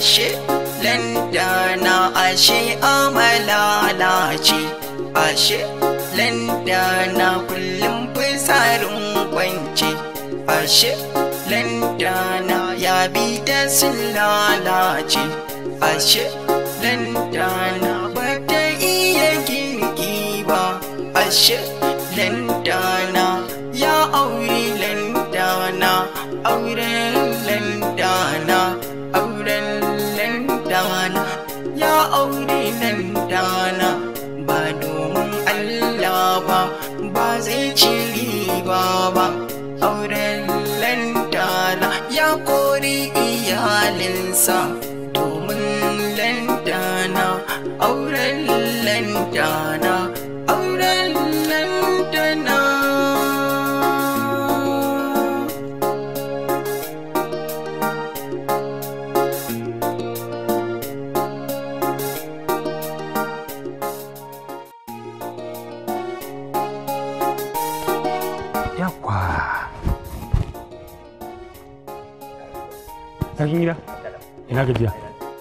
ashe na ashe ce ashe na kullum fisarin kwanci ashe na ya bi da sun lalace ashe na ba ta iya girki ba ashe landana ina gajiya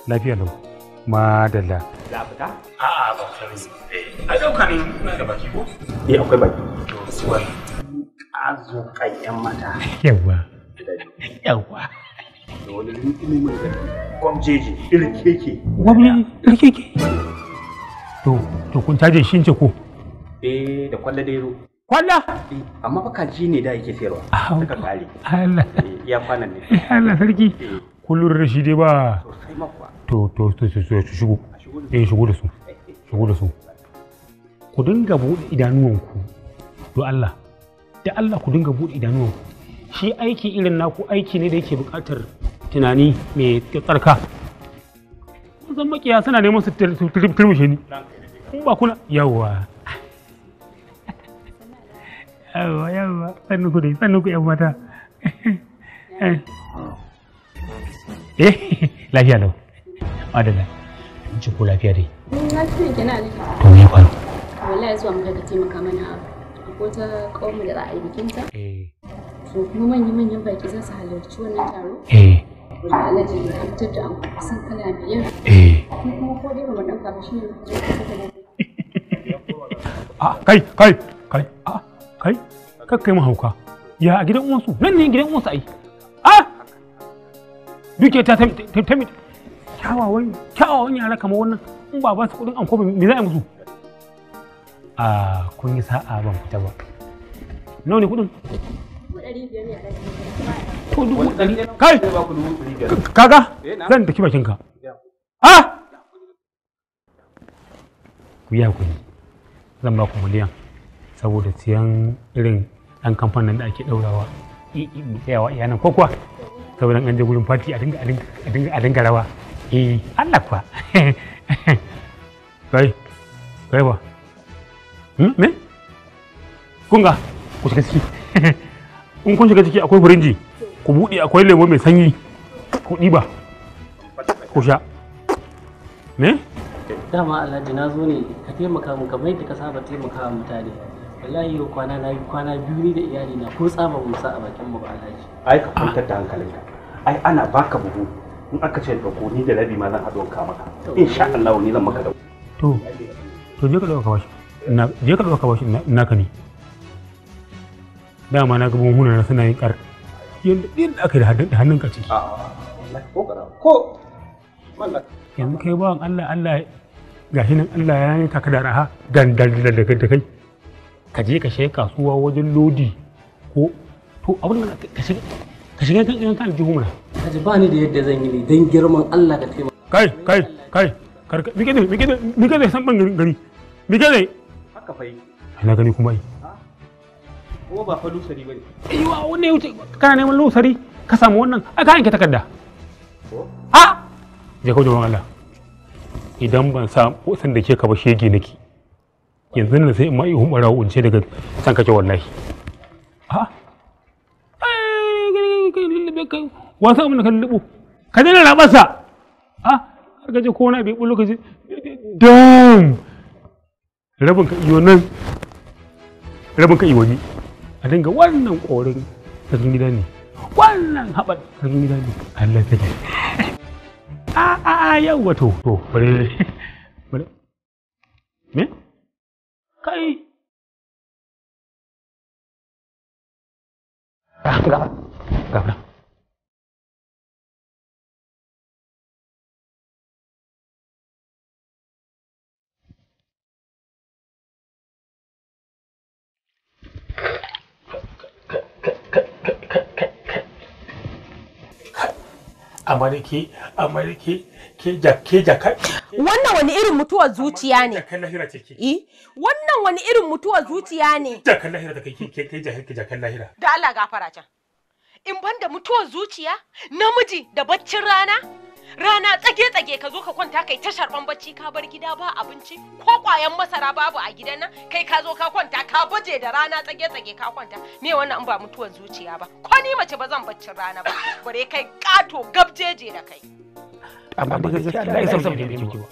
lafiya lau madalla za fita a'a ba fita ne eh, a dauka ne na da baki ko eh akwai baki to suwar azu kayyan mata yawa yawa da wani ilimin mai gani gwamjeji irkeke gwamjeji irkeke to to kun taje shi ce ko eh da kwalla da yaro. kwalla eh, amma fa kaji ne da yake sayarwa suka kare Allah eh, ya kwana ne Allah sarki da rashi dai ba to to to shigo eh shigo da su shigo da su ku dinga buɗe idanuwanku to Allah da Allah ku dinga buɗe idanuwanku shi aiki irin naku aiki ne da yake buƙatar tunani mai tsarka zan makiya suna neman su turmushe ni kun ba kuna yawwa yawwa sannu ku dai sannu ku yan mata eh lafiya lau madalla in ko lafiya dai lafiya kenan alifa to me faru wallahi zuwa muka ka taimaka mana ko ta kawo da a yi eh so kuma manyan manyan baki za su halarci wannan taro eh alhaji ne an fitar da an kusan kala biyar eh kuma ko dai ba dan kafa shi ne a ah, kai kai kai a ah, kai kakkai hauka ya gidan uwansu nan ne gidan uwansu ai ah! duke ta ta kyawawan kyawawan yara kamar wannan in ba ba su kudin anko me za a musu a kun yi sa'a ban fita ba nawa ne kudin ɗari kai kaga zan daki bakin ka ha ku ya ku zan ba ku miliyan saboda siyan irin ɗan kamfanin da ake ɗaurawa e e e, tsayawa iyanan ko kuwa sauran an je gurin fati a dinga a dinga rawa eh Allah kuwa kai kai ba hmm, me kunga ku shiga ciki in kun shiga ciki akwai burinji ku buɗe akwai lemo mai sanyi ku ɗiba ku sha me dama alhaji na zo ne ka taimaka mu kamar yadda ka saba taimaka mutane wallahi yau kwana na kwana biyu ni da iyali na ko tsaba musa a bakin mu ba alhaji ai ka kwantar da hankalinka ai ana baka buhu in aka ce ko ni da rabi ma zan haɗo ka maka insha Allah ni zan maka da to to je ka dauka bashi na je ka dauka bashi naka ne dama na gaban hunan na suna yin kar yanda aka yi da hannun ka ciki ko yanzu kai bawan Allah Allah gashi nan Allah ya yanka ka da raha dan dan da kai ka je ka shiga kasuwa wajen lodi ko to abin da ka shiga ka shiga kan kan kan jihuna kaje ba ni da yadda zan yi dan girman Allah ka taimaka kai kai kai kar ka mike mike mike zai san bangare gari mike ne haka fa yi ina gani kuma yi kuma ba fa lusari bane aiwa wannan ya kana neman lusari ka samu wannan a ka yanke takarda a je ka da Allah idan ban sa san da ke ka ba shege nake yanzu ne sai in ma ihun barawo in ce daga san kake wallahi a wasan abin da ka lubu ka dena rabarsa ha har gaje ko na bai bullo ka ce dam rabin ka iyo nan rabin ka iyo ni a dinga wannan korin sarkin gida ne wannan haɓar sarkin gida ne Allah take a a a yau wato to bare me cây à, không gặp gặp đâu Okay. amma da ke amma ke ja ke ja kai wannan wani irin mutuwar zuciya ne jakan lahira ce eh wannan wani irin mutuwar zuciya ne jakan lahira da kai ke ke ja ke jakan lahira da Allah gafara can in banda mutuwar zuciya namiji da baccin rana rana tsage-tsage ka zo ka kwanta kai ta sharban bacci ka bar gida ba abinci ko kwayan masara babu a gidan nan kai ka zo ka kwanta ka baje da rana tsage-tsage ka kwanta me wannan in ba mutuwar zuciya ba ko ni mace ba zan baccin rana ba bare kai kato gabjeje da kai amma ba gaskiya Allah ya san san da miki ba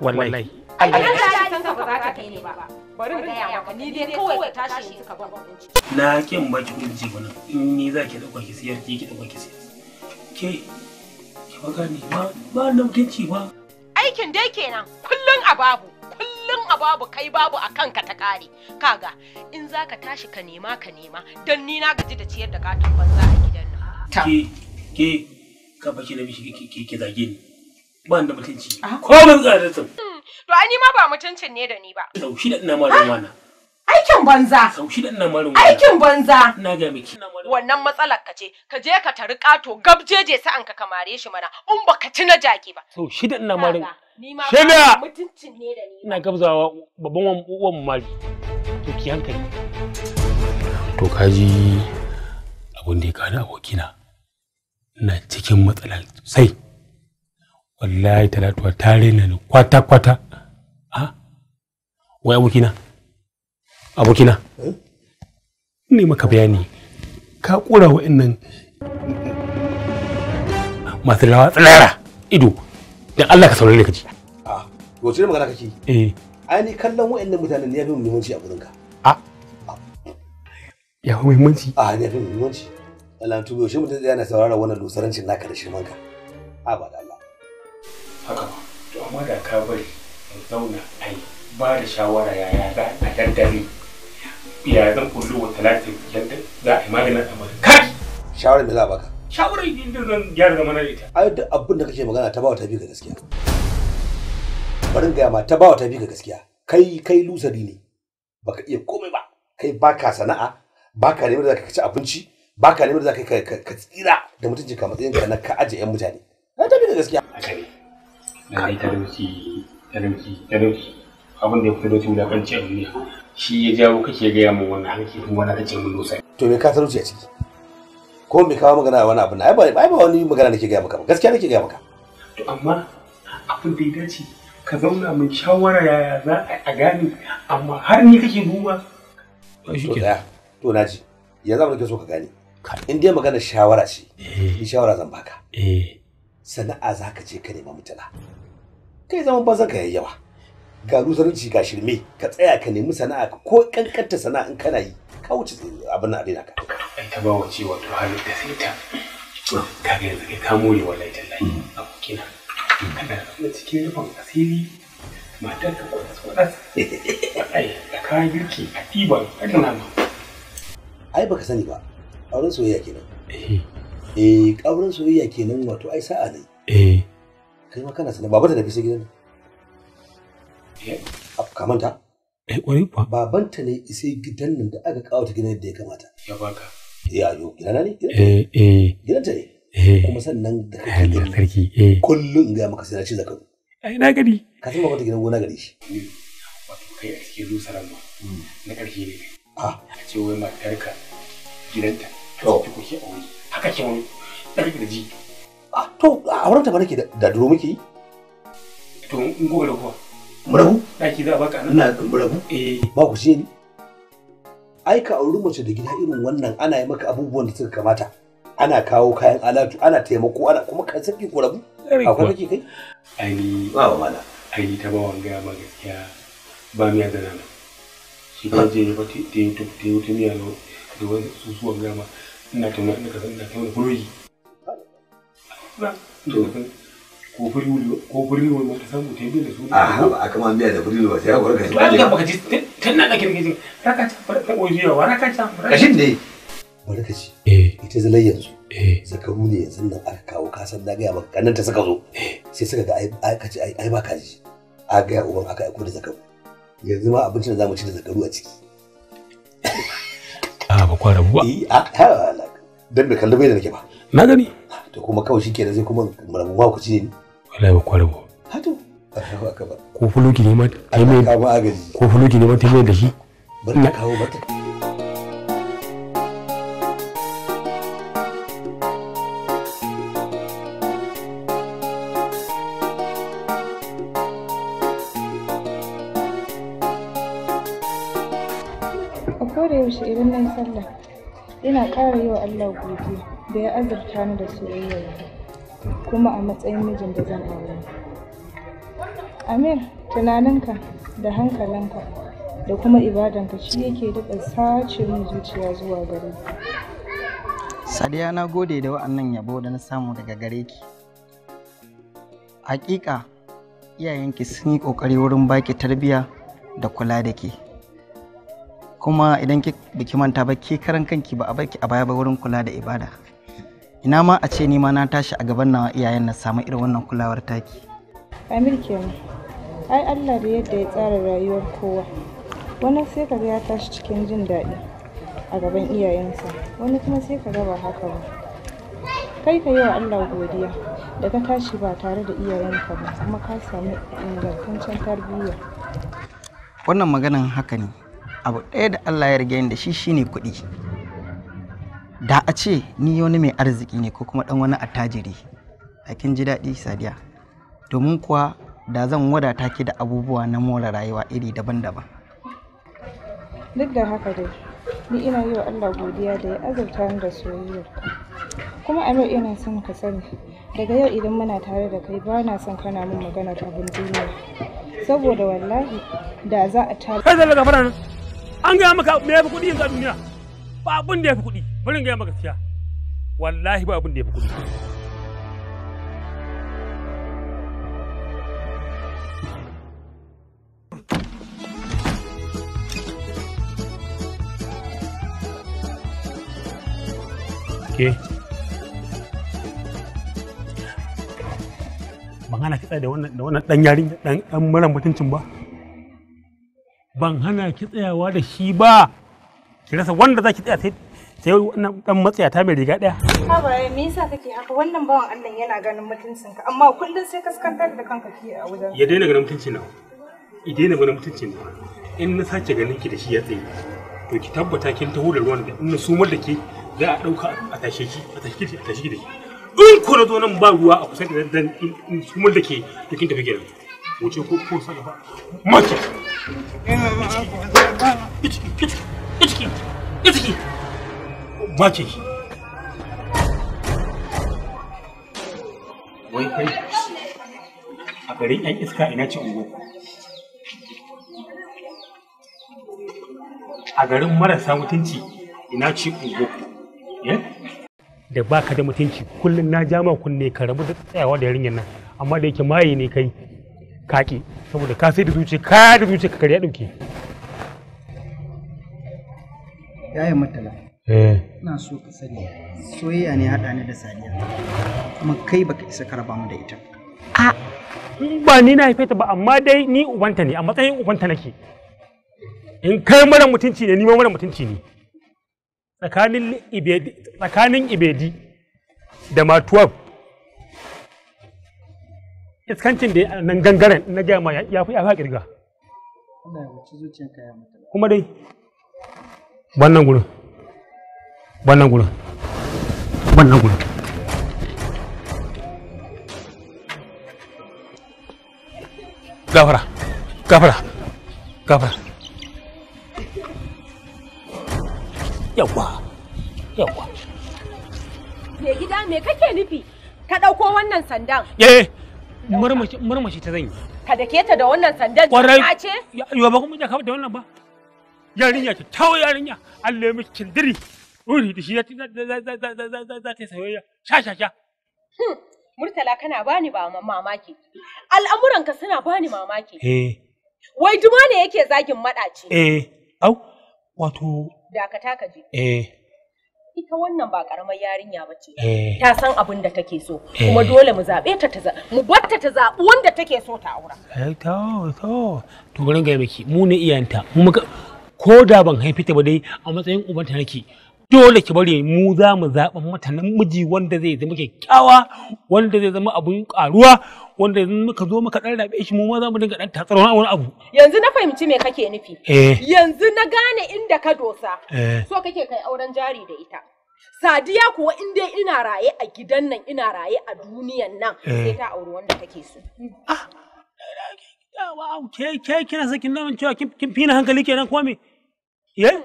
wallahi Allah ya san ka ba za ka kai ne ba bari mu gaya maka ni dai kawai ka tashi yanzu ka ba abinci na kin baki kunci wannan in ni zaki dauka ki siyar ki ki dauka ki siyar ke magani ba ba nan mutunci ba aikin dai kenan kullun a babu kullun a babu kai babu a kanka ta kare kaga in za ka tashi ka nema ka nema don ni na gaji da ciyar da katon banza a gidan nan ke ke ka baki na bishi ke ke zage ni ba da mutunci ko ban tsare hmm, to ai ni ma ba mutuncin ne da ni ba shi da ina ma da mana Aikin banza. Sau shi ina marin Aikin banza. Na ga miki. Wannan matsalar ka ce, ka je ka tari kato gabjeje an ka kamare shi mana, in ba ka ci na jaki ba. Sau shi ina marin. Shida. Mutuncin ne da ni. Ina gabzawa babban uwan mari. To ki hankali. To kaji abin da ya kani abokina. Ina cikin matsala sosai. Wallahi talatuwa ta rena ni kwata-kwata. Ha? Ah? Wai abokina. abokina ne maka bayani ka kura wa'annan masu rawa tsanara ido da Allah ka saurare ka ji a ah, wace ne magana kake eh ai ni kallon wa'annan mutanen ne ya fi muhimmanci a gurin ka a ya fi muhimmanci a ah, ne ya fi muhimmanci Allah tu yaushe mutum zai yana saurara wannan dosarancin naka da shirman a ba da Allah haka ba to amma da ka bari mu zauna ai ba da shawara yaya za a daddare ya zan kullu wa talatin yadda za a yi maganin amarin kai shawarar da za a baka shawarar yin da zan gyara zama na ita ai duk abin da kake magana ta bawa ta bi ga gaskiya bari gaya ma ta bawa ta bi ga gaskiya kai kai lusari ne baka iya komai ba kai baka sana'a baka neman da zaka ci abinci baka neman da zaka ka tsira da mutunci ka matsayin ka na ka aje yan mutane ta tabi ga gaskiya haka ne na yi talauci talauci talauci abin da ya fi talauci wulakanci a duniya shi ya jawo kake gaya min wannan hanki kuma na kace mun dosa to me ka talauci a ciki ko me kawo magana a wani abu na ai ba ai ba wani magana nake gaya maka ba gaskiya nake gaya maka to amma abin da ya dace ka zauna mun shawara yaya za a gane amma har ni kake duba to da to naji yanzu abin da so ka gane in dai magana shawara ce eh. ni shawara zan baka eh sana'a za ka je ka nema mutala kai zaman ba ka yayyawa ga lusaranci ga shirme ka tsaya ka nemi sana'a ko kankanta sana'a in kana yi ka wuce abin a daina ka ai ta ba wace wato halin da sai ta ka ga yanzu kai ka more wallahi tallahi mm. abokina kana da cikin rufin asiri matar ka kwatas kwatas ai da yi girki a ɗiba a kana ma ai baka sani ba auren soyayya kenan eh. eh auren soyayya kenan wato ai sa'a ne eh kai ma kana sani baba da tafi sai gidan Eh, ka manta? Eh, kuwa. Babanta ne isa gidan nan da aka ƙawata gidan da ya kamata. Ya baka. Ya yo, gidana ne? Eh, eh. Gidanta ne? Eh. Kuma sannan da kake eh, gani. Sarki, eh. Kullum in ga maka sai na ci zakaru. Ai, na gani. Ka san babanta gidan gona gare shi. Wato kai a cikin rusaran ma. Hmm. Na ƙarfi ne. Ah. A. A ce wai matarka gidanta. To. Haka ke wani ɗarki da ji. A ah, to, a wurin ta ba nake da duro muke yi. To, in gobe da kuwa. murabu daki za a baka nan ina murabu eh ba ku ni ai ka auri mace da gida irin wannan ana yi maka abubuwan da suka kamata ana kawo kayan alatu ana taimako ana kuma ka saki ku rabu akwai kake kai ai ni ba mala ai ni ta ba wanga ma gaskiya ba miya da nan shi ba je ba ti ti ti ti miya no da wani susuwan gama ina tunanin ka san da kai wani furuji to ko firiwul ko firiwul mun samu ta da su ah ba aka ma miya da firiwul ba sai akwai kashi ba ka ji tun nan ake rikici raka ta farka ojiya wa raka ta kashin ne barka ci eh ita zalai yanzu eh zakaru ne yanzu nan aka kawo san da ga ya maka kannan ta suka zo eh. sai suka ga ai kaci ai ai ba ka ji a gaya uban aka aiko da zakaru yanzu ma abincin da zamu ci da zakaru a ciki a ah, ba kwara ba eh a ah, ha dan da kallabe da nake ba na gani to kuma kawai shikenan sai kuma rabu ba ku ci ne wallahi kwarbo hato ko fuluki ne ma mai ko fuluki ne ma ta mai da shi bar ka kawo yaushe idan na sallah ina ƙara yi wa Allah godiya da ya azurta ni da soyayya kuma a matsayin mijin da zan aure. amir tunaninka da hankalinka da kuma ibadanka shi yake duka sace min zuciya zuwa gare sadiya na gode da wa'annan yabo da na samu daga gare ki hakika iyayenki sun yi ƙoƙari wurin baki tarbiyya da kula da ke kuma idan ki manta ba ke karan kanki ba a baki a baya ba wurin kula da ibada ina ma a ce ni na tashi a gaban nawa iyayen na samu irin wannan kulawar taki amir kenan ai allah da yadda ya tsara rayuwar kowa wani sai kaga ya tashi cikin jin daɗi a gaban iyayensa wani kuma sai ka ba haka ba kai ka yi wa allah godiya da ka tashi ba tare da iyayenka ba kuma ka samu ingantaccen tarbiyya wannan maganan haka ne abu ɗaya da allah ya riga da shi shine kuɗi da a ce ni wani mai arziki ne ko kuma dan wani attajiri a kin ji daɗi sadiya domin kuwa da zan wadata ki da abubuwa na more rayuwa iri daban-daban duk da haka dai ni ina yi wa Allah godiya da ya azurta da soyayya kuma a yau ina son ka sani daga yau idan muna tare da kai ba na son kana min maganar abin duniya saboda wallahi da za a tare kai zalla gafara an ga maka me kuɗi duniya ba abin da ya fi kuɗi bari in gaya maka gaskiya wallahi ba abin da ya fi kuɗi ke ban hana kitsa da wannan da wannan dan yarin dan mara mutuncin ba ban hana ki yawa da shi ba shi rasa wanda zaki tsaya sai sai wannan dan matsaya ta mai riga daya ha ba eh, me yasa kake haka wannan bawan Allah yana ganin mutuncin ka amma kullun sai kaskantar da kanka ki a wajen ya daina ganin mutuncin nawa i daina ganin mutuncin nawa in na sace ganin ki da shi ya tsaye to ki tabbata kin taho da ruwan da in na sumar da ke za a dauka a tashe ki a tashe ki a tashe ki da shi in ku na zo nan ba ruwa a kusa da dan in sumar da ke to kin tafi gidan wuce ko ko sallama mace ba ba ba ba Itiki! Itiki! Mace ki. Wai kai, a garin ‘yan iska ina ce ungo. A garin marasa mutunci ina ce ungo. Eh? Da baka da mutunci kullum na ja ma kunne ka rabu da tsayawa da yarinyar nan amma da yake maye ne kai kaki saboda ka sai da zuciya ka da zuciya ka karya dauke yayin matala eh. ina so ka sani soyayya ne haɗa ni da sadiya kuma kai baka isa ka mu da ita a ba ni na haife ta ba amma dai ni ubanta ne a matsayin ubanta nake in kai mara mutunci ne ni ma mara mutunci ne tsakanin ibedi tsakanin ibedi da matuwa iskancin da nan gangaren na gaya ma ya fi ya kirga kuma dai wannan gurin wannan gurin wannan gurin gafara gafara gafara yawwa yawwa me gida me kake nufi ka ɗauko wannan sandan eh murmushi ta zan yi ka dake ta da wannan sandan ta ce yo ba kuma da wannan ba yarinya ta tawo yarinya Allah ya miki kindiri uri da shi za ta yi sayayya sha sha sha hmm. Murtala kana bani ba mamaki al'amuranka suna bani mamaki eh wai duma ne yake zagin madaci eh au wato dakata ka je eh ita wannan ba karamar yarinya ba ce eh. ta san abin da take so eh. kuma dole mu zabe ta ta mu batta ta zaɓi wanda take so ta aura eh to to to ga miki mu ne iyanta mu ko da ban haifi ta ba dai a matsayin ta nake dole ki bari mu za mu zaɓa mata namiji wanda zai zama kyakkyawa wanda zai zama abun karuwa wanda yanzu muka zo muka dan rabe shi mu ma za mu dinga dan tatsar wani abu yanzu na fahimci me kake nufi yanzu na gane inda ka dosa so kake kai auren jari da ita Sadiya kuwa in dai ina raye a gidan nan ina raye a duniyan nan sai ta auri wanda kake so ah ke kina sakin nan cewa kin fina hankali kenan kuma me Ye? Mm,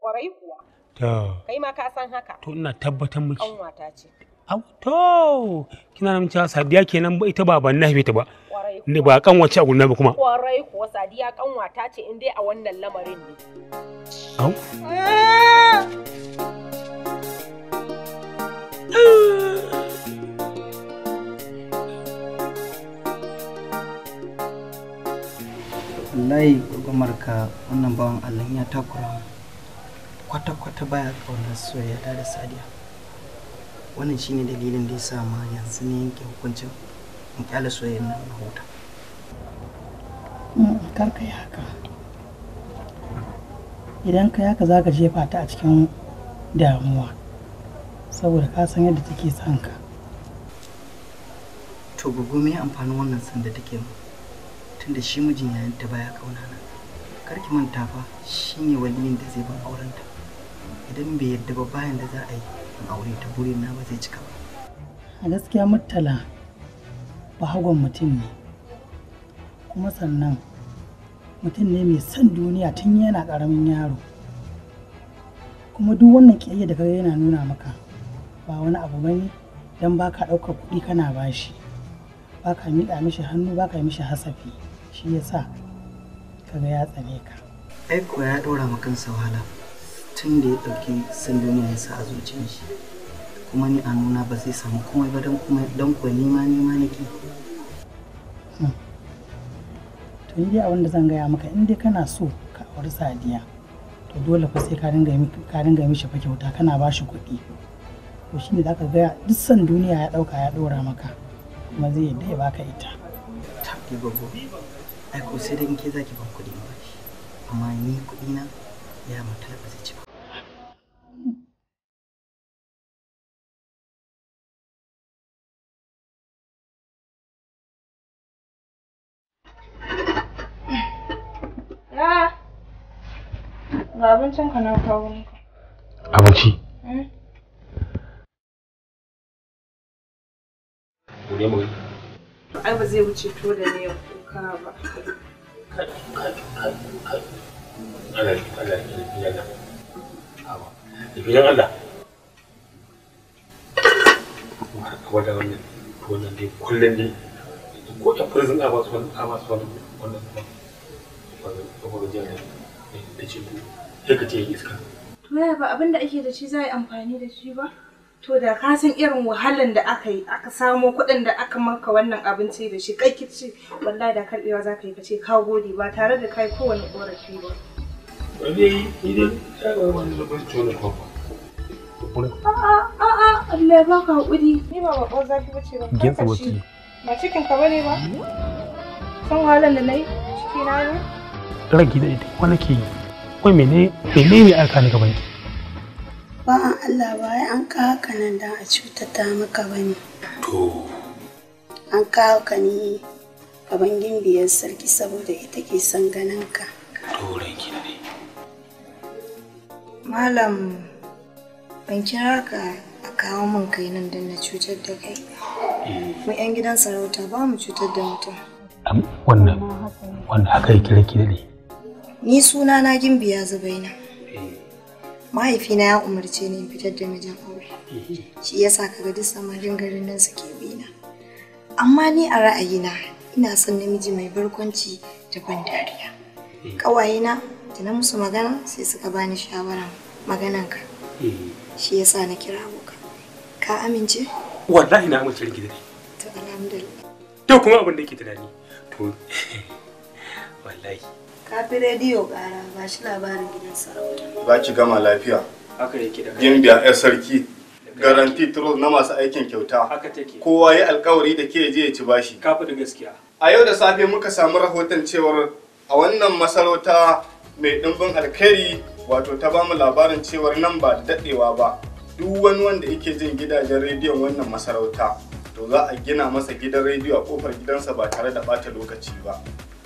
kwarai kuwa. To. Kai ma ka san haka. To ina tabbatar miki. Kanwata ce. Au to kina nan cewa Sadiya kenan ba ita baban na ta ba. Kwarai. Ni ba kanwace a gurna ba kuma. Ƙwarai kuwa Sadiya kanwata ce in dai a wannan lamarin ne. Au. Ah! ah! wallahi gwagwamar ka wannan bawan allah ya takura kwata-kwata baya kaunar soyayya da sadiya wannan shine dalilin da ya sa ma yanzu ne yanke hukuncin in kyale soyayyar nan na huta mm, kar ka ya haka idan ka yaka za ka jefa ta a cikin damuwa saboda ka san yadda take son ka to gugu mai amfanin wannan sanda take mu tunda shi mijin yayin ta baya kauna na kar manta fa shine waliyin da zai ban auren ta idan bai yadda ba bayan da za a yi aure ta burin na ba zai cika ba a gaskiya murtala bahagon mutum ne kuma sannan mutum ne mai son duniya tun yana karamin yaro kuma duk wannan kiyayya da kaga yana nuna maka ba wani abu bane dan baka ɗaukar kuɗi kana bashi baka miƙa mishi hannu baka mishi hasafi shi ya yasa kaga ya tsane ka aiko ya ɗora ma kansa wahala tun da ya ɗauki sanduniya ya sa a zuciyar shi kuma ni a nuna ba zai samu komai ba don kuma don kuwa nima nima nake hmm. to ni dai abin da zan gaya maka in dai kana so ka auri sadiya to dole fa sai ka dinga ka dinga mishi fa kyauta kana ba shi kuɗi to shine zaka gaya duk san duniya ya ɗauka ya ɗora maka kuma zai yadda ya baka ita gobe ai ko sai dai ke zaki ban kuɗi ba shi amma ni kuɗi na ya mutala ba zai ci ba ga abincin ka na kawo maka abinci hmm? Ai ba zai wuce tuwo da yau. kuka ba. Allah Allah Wadda wannan wannan dai kullum dai ko ta prison a basu wannan a basu wannan wannan wannan wannan jiya da ce ku sai ka ce iska. To yaya ba abin da ake da shi za a yi amfani da shi ba? To da ka san irin wahalan da aka yi aka samo kuɗin da aka maka wannan abinci da shi kai kici wallahi da karɓewa za ka yi ka ce ka gode ba tare da kai kowane ƙorafi ba. Wani idan ta ga wani lokacin tona kwakwa. A'a a'a Allah ya baka haƙuri. Ni ba babban zafi ba ce ba. Gefe wata. Ba cikin ka bane ba. San wahalan da na yi ciki na ne. Ranki da ita wani ke yi. Wai mene mene ne aka ni gaban ki? Ba'an Allah ba ya an kawo ka nan don a cutata maka ba ne. To. An kawo ka ne gaban biyar sarki saboda ita ke son ganin ka. To ranki ne. Malam ban kira ka a kawo min kai nan don na cutar da kai. Eh. Mu 'yan gidan sarauta ba mu cutar da mutum. Wannan, wannan haka ya kira ki ne. Ni suna na gimbiya nan. mahaifina ya umarce ni in fitar da mijin aure shi yasa kaga duk samarin garin nan suke bina amma ni a ra'ayina ina son namiji mai barkwanci da ban dariya ƙawayena da na musu magana sai suka bani shawaran magananka shi yasa na kira muka ka amince wallahi na amince riki dare to alhamdulillah to kuma abin da yake tunani to wallahi Kafi rediyo ƙara ba shi labarin gidan sarauta. Za ki gama lafiya. Haka yake da kai. Gimbiya 'yar sarki. Garanti trol na masu aikin kyauta. Haka take. Kowa ya alkawari da ke je ya ci bashi. da gaskiya. A yau da safe muka samu rahoton cewar a wannan masarauta mai ɗimbin alkhairi wato ta bamu labarin cewar nan ba da daɗewa ba. Duk wani wanda yake jin gidajen rediyon wannan masarauta to za a gina masa gidan rediyo a kofar gidansa ba tare da ɓata lokaci ba.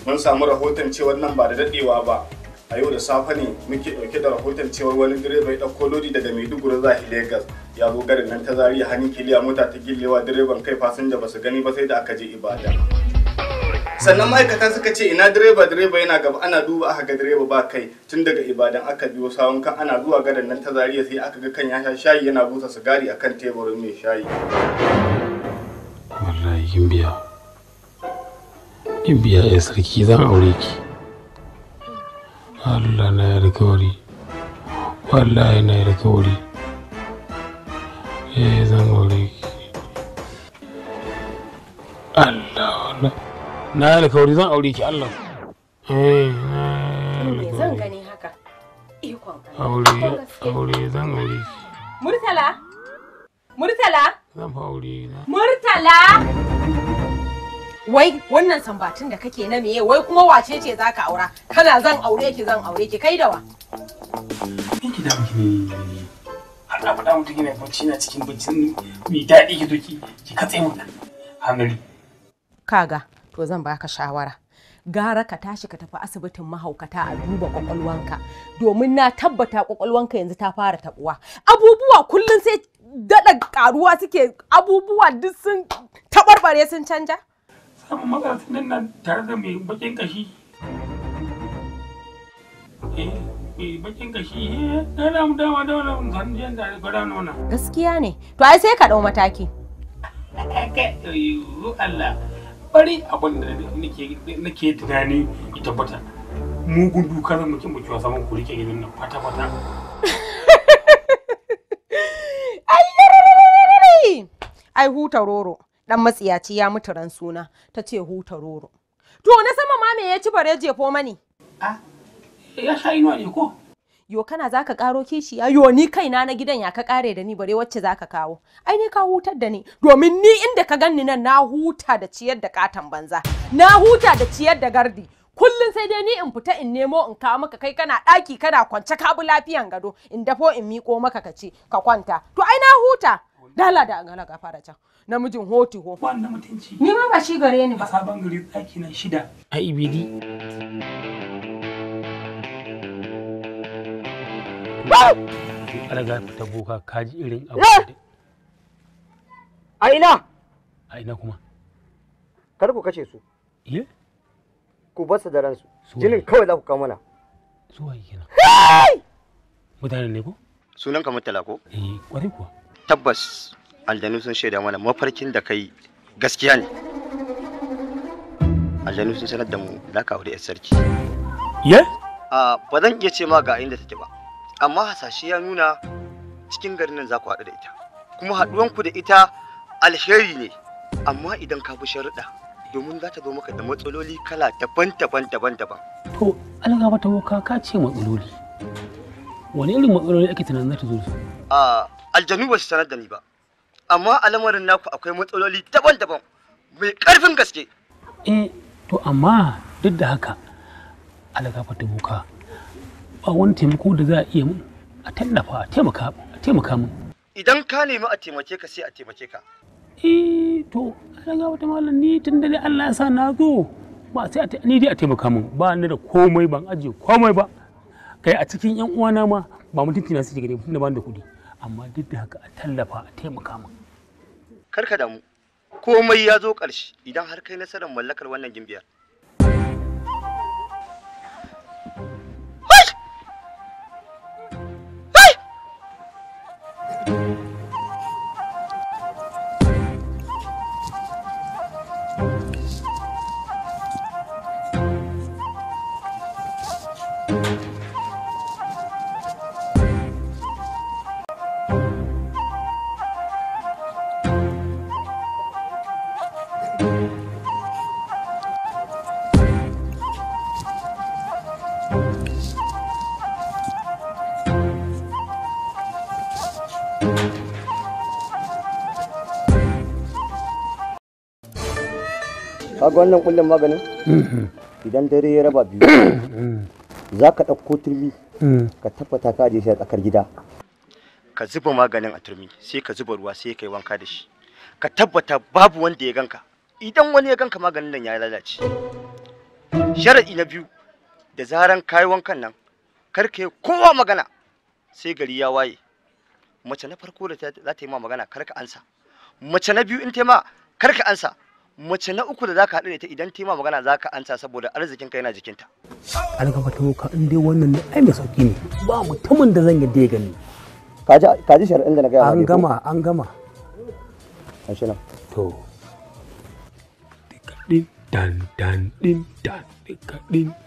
mun samu rahoton cewa nan ba da daɗewa ba a yau da safe ne muke ɗauke da rahoton cewa wani direba ya ɗauko lodi daga maiduguri zuwa lagos ya zo garin nan ta zariya hannun kiliya mota ta gillewa direban kai fasinja ba su gani ba sai da aka je ibada sannan ma'aikata suka ce ina direba direba yana gaba ana duba aka ga direba ba kai tun daga ibadan aka biyo sawun kan ana zuwa garin nan ta zariya sai aka ga kan ya sha shayi yana busa sigari akan teburin mai shayi wallahi kin biya Bibiya ya sarki zan aure ki. Allah na yi alkawari. Wallahi na yi alkawari. Eh zan aure ki. Allah na Na yi alkawari zan aure ki Allah. Eh na yi alkawari. Zan gani haka. Ikon Aure, aure zan aure ki. Murtala! Murtala! Zan fa aure na. Murtala! wai wannan sambatun da kake na meye wai kuma wace ce za ka aura kana zan aure ki zan aure ki kai da wa ki da miki har na faɗa mutu gina bacci na cikin bacci mai daɗi ki zo ki katse mu hanari kaga to zan baka shawara gara ka tashi ka tafi asibitin mahaukata a duba kwakwalwanka domin na tabbata kwakwalwanka yanzu ta fara tabuwa abubuwa kullum sai daɗa ƙaruwa suke abubuwa duk sun tabarbare sun canja samun magatan nan tare da mai bakin kashi eh, eh, na da gaskiya ne to ai sai ka dau mataki Allah bari abin da nake tunani ya tabbata mugun duka zan mutum mutuwa saman ku rike gidan nan fata fata ai huta roro dan matsiyaci ya mutu ran suna ta ce huta roro to na sama ma me ya ci bare jefo mani a ah, ya sha inuwa ko yo kana zaka karo kishiya ah, yo ni kaina na gidan ya ka kare da ni bare wacce zaka kawo ai ne ka hutar da ni domin ni inda ka ganni nan na huta da ciyar da katan banza na huta da ciyar da gardi kullum sai dai ni in fita in nemo in kawo maka kai kana daki kana kwance ka bu lafiyan gado in dafo in miko maka ka ce ka kwanta to ai na huta dala da gala gafara can namijin hoti ho wannan mutunci ni ma ba shi gare ni ba sabon gari tsaki na shida a ibidi alaga ta boka kaji irin abu a ina a ina kuma kar ku kace su eh ku bar su da ransu jinin kawai za ku kawo mana su waye kenan mutanen ne ko sunan ka mutala ko eh kwarai kuwa tabbas aljanu sun shaida mana mafarkin da kai gaskiya ne aljanu sun sanar da mu za ka wuri 'yar sarki ye ba zan iya ce ma ga inda take ba amma hasashe ya nuna cikin garin nan za ku haɗu da ita kuma haɗuwanku da ita alheri ne amma idan ka bi sharuɗa domin za ta zo maka da matsaloli kala daban-daban daban-daban to alga ta wuka ka ce matsaloli wani irin matsaloli ake tunanin za ta zo su aljanu ba su sanar da ni ba amma a lamarin naku akwai matsaloli daban-daban mai ƙarfin gaske eh to amma duk da haka algafa ta buka ba wani taimako da za a iya mun a tallafa a taimaka a taimaka mun idan ka nemi a taimake ka sai a taimake ka eh to algafa ta malam ni tun da Allah ya sa na zo ba sai ni dai a taimaka mun ba ni da komai ban aje komai ba kai a cikin yan uwana ma ba mutunci na suke gare tun da ban da kuɗi amma duk da haka a tallafa a taimaka mu karka damu komai ya zo ƙarshe idan har kai nasarar mallakar wannan gimbiyar wannan kullum maganin idan dare ya raba biyu za ka ɗauko turmi ka tabbata ka ajiye shi a tsakar gida ka zuba maganin a turmi sai ka zuba ruwa sai ka yi wanka da shi ka tabbata babu wanda ya ganka idan wani ya ganka maganin nan ya lalace sharaɗi na biyu da zaran kayi wankan nan kar ka yi kowa magana sai gari ya waye mace na farko da za ta yi ma magana kar ka ansa mace na biyu in ta yi ma kar ka ansa mace na uku da zaka haɗu da ita idan ma magana za ka ansa saboda arzikin ka yana jikinta an ka fata ka in dai wannan ne ai mai sauki ne ba mutumin da zan yadda ya gani ka ji shari'in da na ga an gama an gama shi nan to dan dan din dan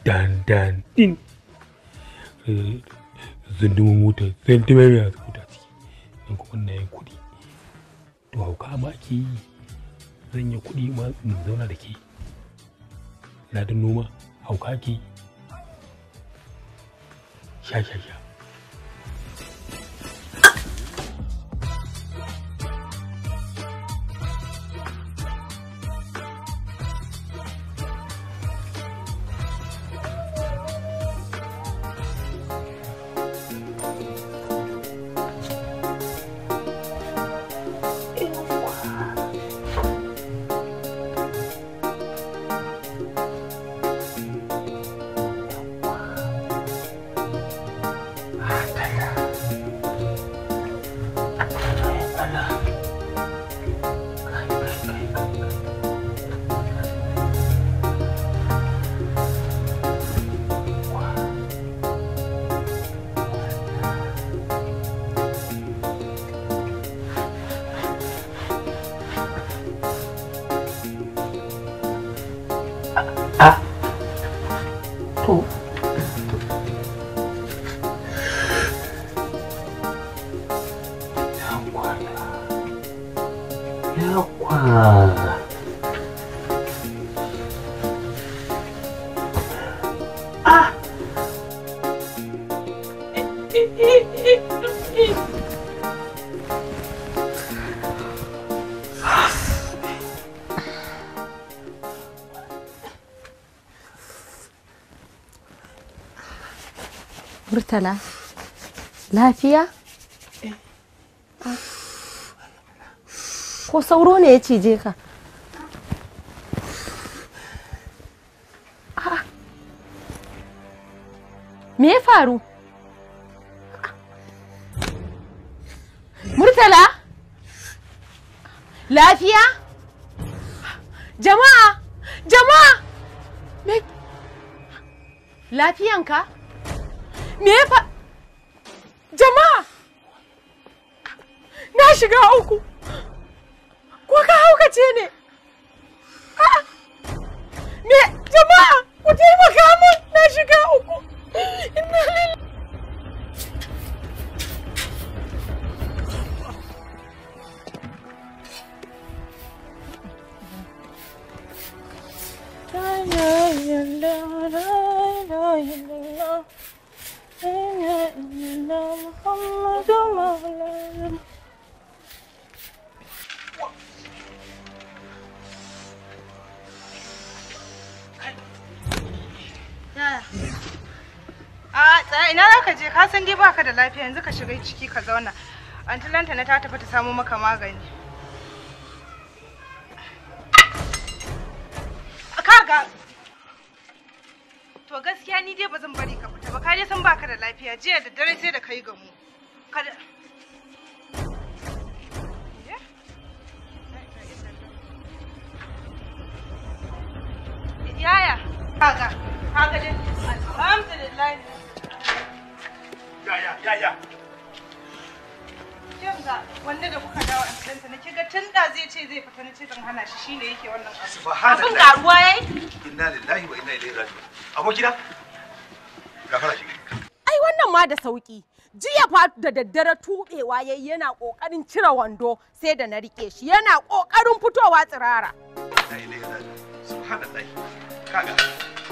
dan dan din eh, mota mota zan yi kuɗi ma in zauna da ke ladin noma hauka ke sha sha sha kwala yakwa Murtala, lafiya? ko sauro ne ya cije ka me ya faru murtala lafiya jama'a jama'a me lafiyanka me ya fa jama'a na shiga uku in it. da lafiya yanzu ka shiga ciki ka zauna antilanta na ta tafi ta samo maka magani kaga to gaskiya ni dai ba zan bari ka fita ba ka dai san baka da lafiya jiya da dare sai da kai gamu sai dan hana shi shine yake wannan abu subhanallah abin garuwa yayi inna lillahi wa inna ilaihi raji'un abokina gafara shi ai wannan ma da sauki jiya fa da daddare tubewa yayi yana kokarin cire wando sai da na rike shi yana kokarin fitowa tsirara la ilaha illallah subhanallah kaga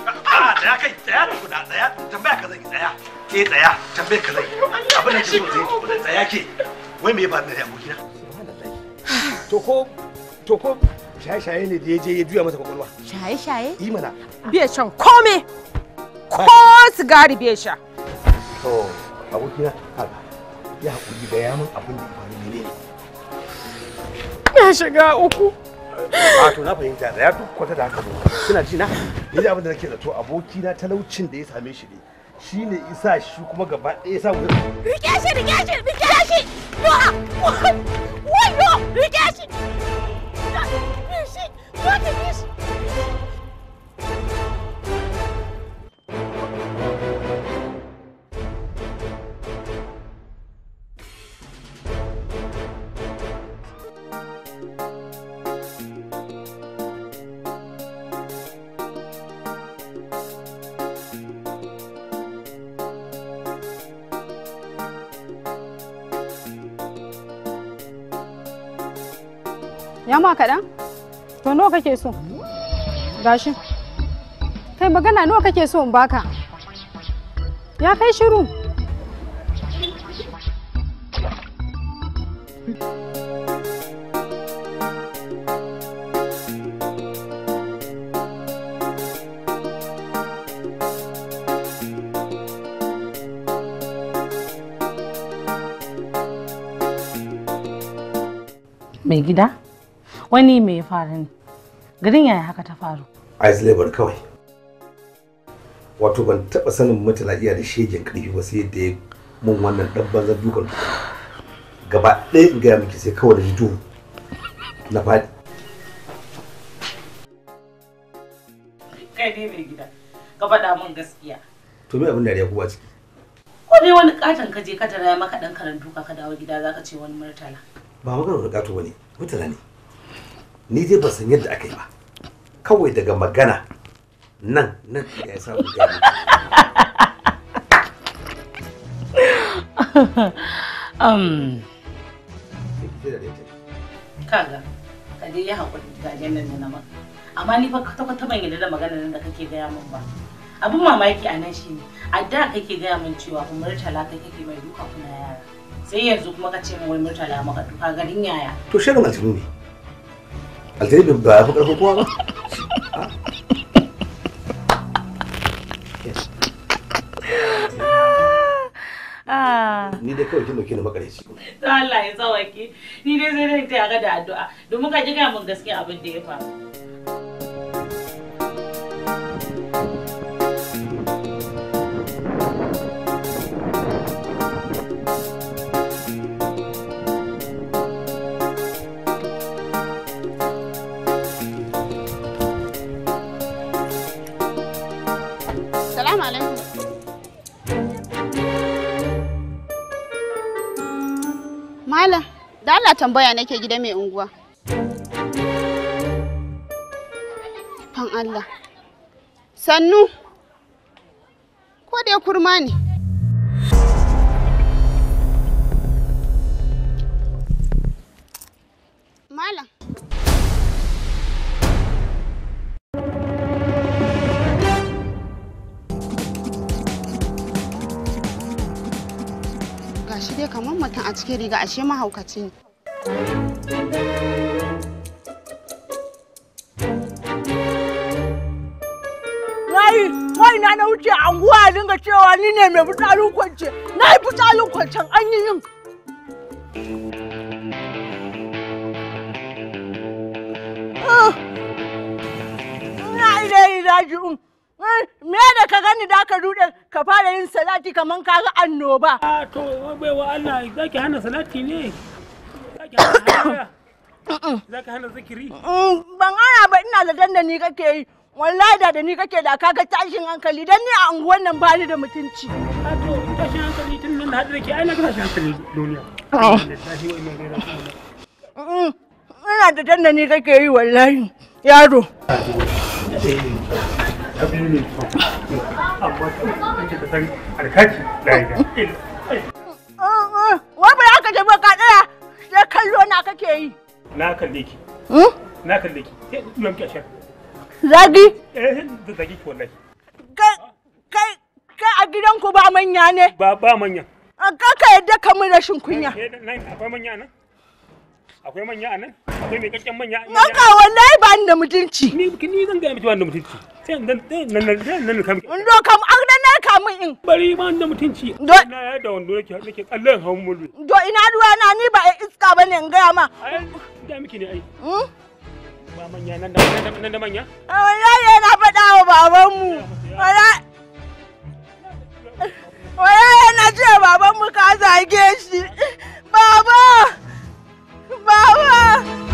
a ah, tsaya kai tsaya tukuna tsaya tambaya ka zan tsaya ke eh, tsaya tambaya ka zan abin da ke so zai tsaya ke wai me ya faru da abokina to ko to ko shaye-shaye ne da ya je ya juya masa kwakwalwa shaye-shaye yi mana bai shan kome ko sigari bai sha to abokina haka, ya haƙuri da yamin abin da ifani mene ne na shiga uku a to na fahimta da ya kwata da haka kina ji na ni da abin da nake zato abokina talaucin da ya same shi ne shi ne isa shi kuma gaba ɗaya sa wurin rike shi rike shi rike shi wayo rike shi bota mas, ya ma kaɗan to nawa kake so gashi kai magana nawa kake so in baka ya kai shiru mai gida wani me ya faru ne garin yaya haka ta faru aislabar kawai wato ban taɓa sanin mutala iya da shegen karfi ba sai da ya mun wannan dan banzan dukan gaba ɗaya in gaya miki sai kawai da ji na faɗi kai dai mai gida ka faɗa mun gaskiya to me abin da ya kuwa ciki ko dai wani katon ka je ka tara maka dan karantu ka dawo gida zaka ce wani murtala ba maganar wani kato bane mutala ne ni dai ba san yadda aka yi ba kawai daga magana nan nan ya samu gani um kaga ka dai ya hakuri gajen nan na ma amma ni fa kwata kwata ban yadda da maganar nan da kake gaya min ba abin mamaki a nan shine a da kake gaya min cewa kuma murtala kai kake mai duka kuna yara sai yanzu kuma ka ce min wai murtala maka duka garin yaya to shirin aljinu ne alkhairi ba baya fi ƙarfin kowa ba ni dai kawai kin kina ni makareci Allah ya tsawaki ni dai zai rinta ga da addu'a domin ka ji ga mun gaskiya abin da ya faru Allah tambaya nake gida mai unguwa. Fan Allah. Sannu. Ko da kurma ne. Malam. Gashi dai kamar mutum a cikin riga ashe mahaukaci ne. Wai na wuce anguwa a dinga cewa ni ne mai fitsarin kwance. Na yi fitsarin kwancen an yi yin. Ah. Ah, yi daji raji'un. Eh, me da ka gani da ka rude ka fara yin salati kaman ka ga annoba. A ah, to, wa Allah, zaki hana salati ne? Zaka hana zikiri? Mm, ban hana ba ina da dandani kake yi. wallahi da da ni kake da kaga tashin hankali dan ni a unguwan nan bani da mutunci a ah, to tashin hankali tun nan da hadda ke ai na tashin hankali duniya ah. mm, ina da dan da ni kake yi wallahi yaro amma da san da sai kallo na kake yi na kalle ki hmm? na kalle ki zagi eh da zagi kai kai kai a gidanku ba manya ne ba ba manya ah, ka ka yadda ka kunya eh, eh, akwai manya nan akwai manya akwai mai kakken manya maka wallahi ba ni da mutunci ni ni zan ga mutunci sai nan nan nan nan kam in do kam an narka min in. Bari ma da mutunci. Do ina ya da wando yake nake kallon hawan mulu. Do ina ruwa na ni ba iska bane in ga ma. Ai da miki ne ai. Hmm? Ba manya nan da nan da manya. Eh, wallahi yana faɗa wa baban mu. Wallahi Wallahi yana ce baban mu ka zage shi. Baba! Baba!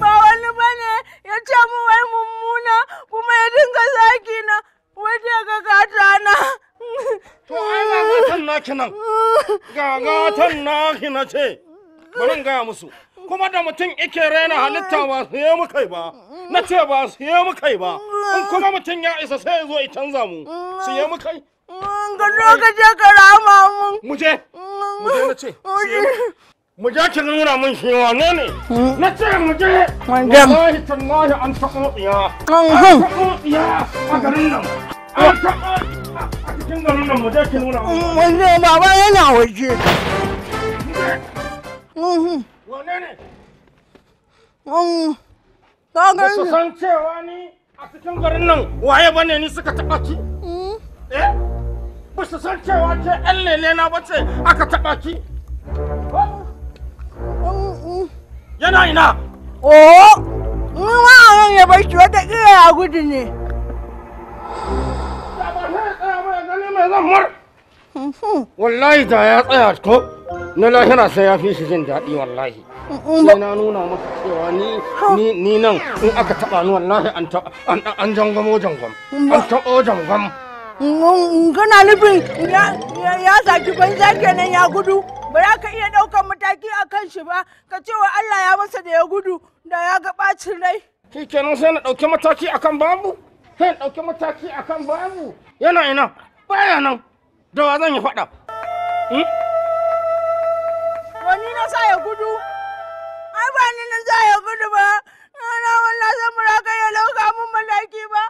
Ba wani bane ya ce mu wai mummuna kuma ya dinga zaki na wajen ga gata na. To ai ga gatan naki nan. Ga gatan naki na ce. Bari in gaya musu. Kuma da mutum ike raina halitta ba su yi muka ba. Na ce ba su yi muka ba. In kuma mutum ya isa sai ya zo ya canza mu. Su yi muka Ka zo ka je mun muje muje na ce su je na ce. mu je ki nuna mun shi wane ne hmm. na ce mu je wallahi tallahi an taɓo tsiya an taɓo tsiya a garin nan an taɓo a cikin garin nan mu je ki nuna min wanda hmm, baba yana waje hmm, wane ne Ba su san cewa ni a cikin garin nan waye bane ni suka taba ki? Eh? Ba su san cewa ce 'yan lele na bace aka taba ki? yana ina oh in wa'annan ya bar shi wata kira ya gudu ne wallahi da ya tsaya ko na lahira sai ya fi shi jin daɗi wallahi sai na nuna masa cewa ni ni nan in aka taɓa ni wallahi an jangamo jangam an taɓo jangam kana nufin ya saki banza kenan ya gudu ba za ka iya ɗaukan mataki a kan shi ba ka ce wa Allah ya masa da ya gudu da ya ga ɓacin rai. Ke kenan sai na ɗauki mataki akan babu? Sai na ɗauki mataki akan babu? Yana ina baya nan da wa zan yi faɗa. Wani hmm? na sa ya gudu? Ai ba ni na sa ya gudu ba. Na wannan san mura kai ya ɗauka mun mataki ba.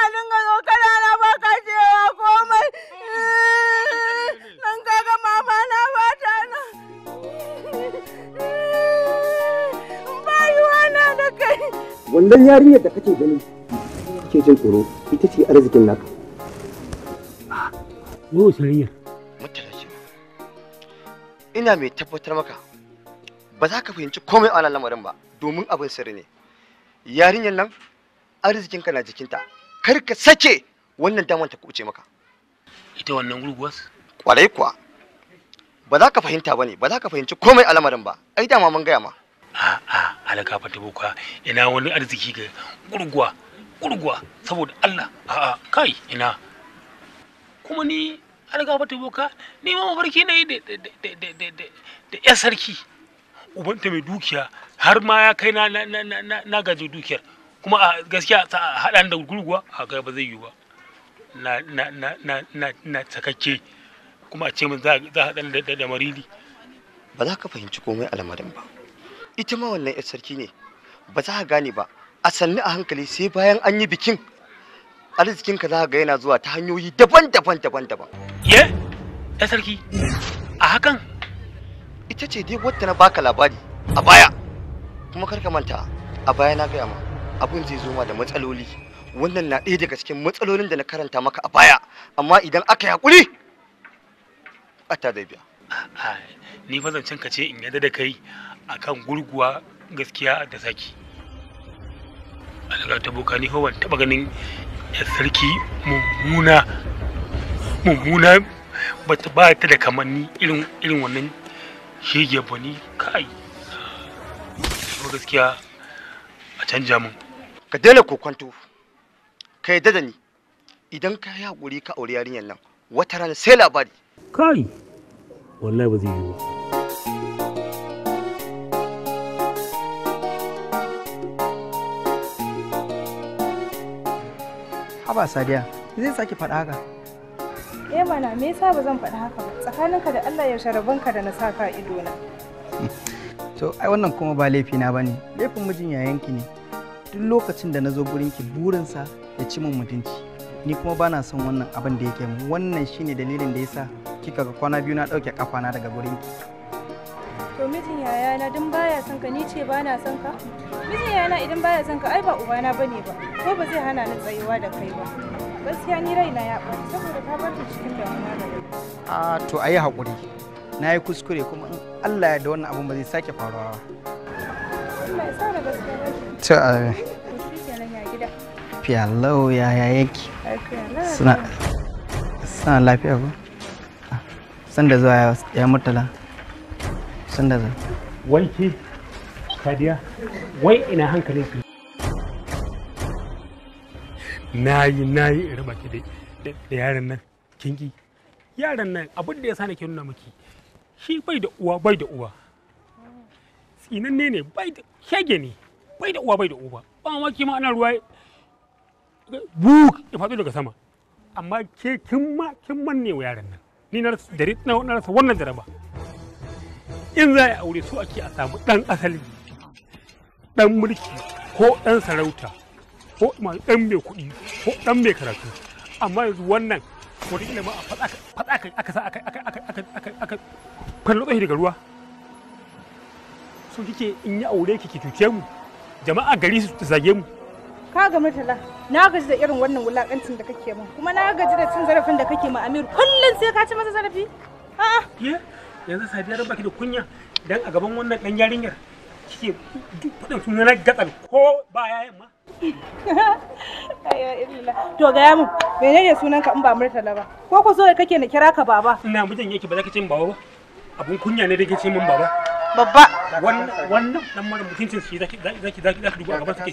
na dinga kana na ba ka cewa komai nan kaga mama na ba ta na bayuwa na da kai wannan yarinyar da kake gani kake jin tsoro ita ce arzikin naka Yau sariya. Mutala ce. Ina mai tabbatar maka ba za ka fahimci komai a wannan lamarin ba domin abin sirri ne. Yarinyar nan arzikinka na jikinta kar ka sace wannan damar ta kuce maka ita wannan gurguwas kwarai kuwa ba za ka fahimta bane ba za ka fahimci komai al'amarin ba ai dama mun gaya ma a'a halaka fa ta boka ina wani arziki ga gurguwa gurguwa saboda Allah a'a kai ina kuma ni halaka fa ta boka ni ma mafarki ne da da da da da ya sarki ubanta mai dukiya har ma ya kai na na na na gaji dukiyar kuma a gaskiya ta haɗa da gurguwa a ga ba zai yiwu ba na na na na na na sakakke kuma a ce mun za za haɗa da da marili ba za ka fahimci komai al'amarin ba ita ma wannan yar sarki ne ba za ka gane ba a sanni a hankali sai bayan an yi bikin ka za ka ga yana zuwa ta hanyoyi daban-daban daban-daban ye yar sarki a hakan ita ce dai wata na baka labari a baya kuma kar ka manta a baya na gaya ma abin zai zo ma da matsaloli wannan na ɗaya daga cikin matsalolin da na karanta maka a baya amma idan aka yi hakuri ta zai biya ni fa zancen ka ce in yadda da kai akan gurguwa gaskiya da saki daga ta boka ni hawan taba ganin ya sarki mummuna mummuna ba ta ba ta da kamanni irin irin wannan shige bani kai gaskiya a canja mun ka daina kokonto ka yi dada ni idan ka yi haƙuri ka aure yarinyar nan wata rana sai labari kai wallahi ba zai yi ba haba sadiya zai sake faɗa haka eh mana me yasa ba zan faɗa haka ba tsakaninka da Allah ya sharabanka da na saka ido na to ai wannan kuma ba laifi na bane laifin mijin yayanki ne duk lokacin da na zo gurinki burinsa ya ci min mutunci ni kuma ba na son wannan abin da yake wannan shine dalilin da yasa kika ga kwana biyu na ɗauke kafana daga gurinki to mijin yaya na dun baya son ka ni ce ba na son ka mijin yaya na idan baya son ka ai ba ubana bane ba ko ba zai hana ni tsayuwa da kai ba gaskiya ni raina ya ɓata, saboda ka bar cikin damuwa da ah, a to ayi hakuri na yi kuskure kuma in Allah ya da wannan abin ba zai sake faruwa ba wasa da gaske ba to a yake suna suna lafiya ba Sun da zuwa ya murtala san da zuwa wai ki wai ina hankalin ki Na yi in raba ki da yaran nan kinki yaran nan abin da ya sa nake nuna miki shi bai da uwa bai da uwa tsinanne ne bai da uwa. shege ne bai da uwa bai da uba ba mamaki ma ana ruwa buk ya faɗo daga sama amma ke kin ma kin manne wa yaran nan ni na rasa dare na rasa wannan jaraba in za a aure su ake a samu dan asali dan mulki ko dan sarauta ko ma dan mai kuɗi ko dan mai karatu amma yanzu wannan wani ilima a faɗa aka sa aka aka aka aka aka aka aka su kike in yi aure ki ki cuce mu jama'a gari su zage mu ka ga mutala na gaji da irin wannan wulakancin da kake mun kuma na gaji da cin zarafin da kake ma Amir kullun sai ka ci masa zarafi a'a ke yanzu Sadiya da ki da kunya dan a gaban wannan dan yarinyar kike faɗin na gatsal ko ba yayin ma to gaya mu menene sunanka in ba murtala ba ko ku so kake na kira ka baba ina mijin yake ba za ka ce min baba ba abun kunya ne da kake ce min baba babba wannan dan mara mutuncin shi zaki zaki zaki zaki dubu a gaban ki